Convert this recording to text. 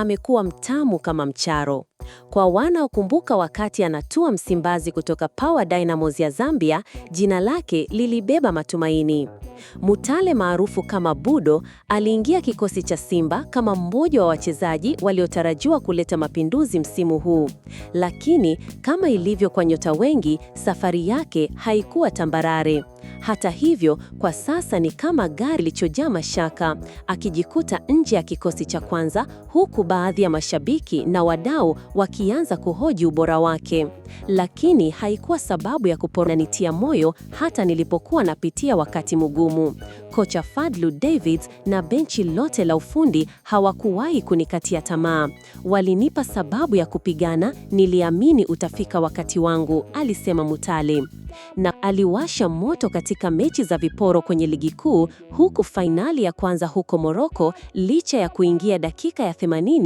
amekuwa mtamu kama mcharo. Kwa wanaokumbuka wakati anatua Msimbazi kutoka Power Dynamos ya Zambia, jina lake lilibeba matumaini. Mutale maarufu kama Budo aliingia kikosi cha Simba kama mmoja wa wachezaji waliotarajiwa kuleta mapinduzi msimu huu. Lakini kama ilivyo kwa nyota wengi, safari yake haikuwa tambarare. Hata hivyo, kwa sasa ni kama gari lilichojaa mashaka, akijikuta nje ya kikosi cha kwanza, huku baadhi ya mashabiki na wadau wakianza kuhoji ubora wake lakini haikuwa sababu ya nitia moyo hata nilipokuwa napitia wakati mgumu. Kocha Fadlu Davids na benchi lote la ufundi hawakuwahi kunikatia tamaa. Walinipa sababu ya kupigana, niliamini utafika wakati wangu, alisema Mutale. Na aliwasha moto katika mechi za viporo kwenye ligi kuu, huku fainali ya kwanza huko Moroko, licha ya kuingia dakika ya 80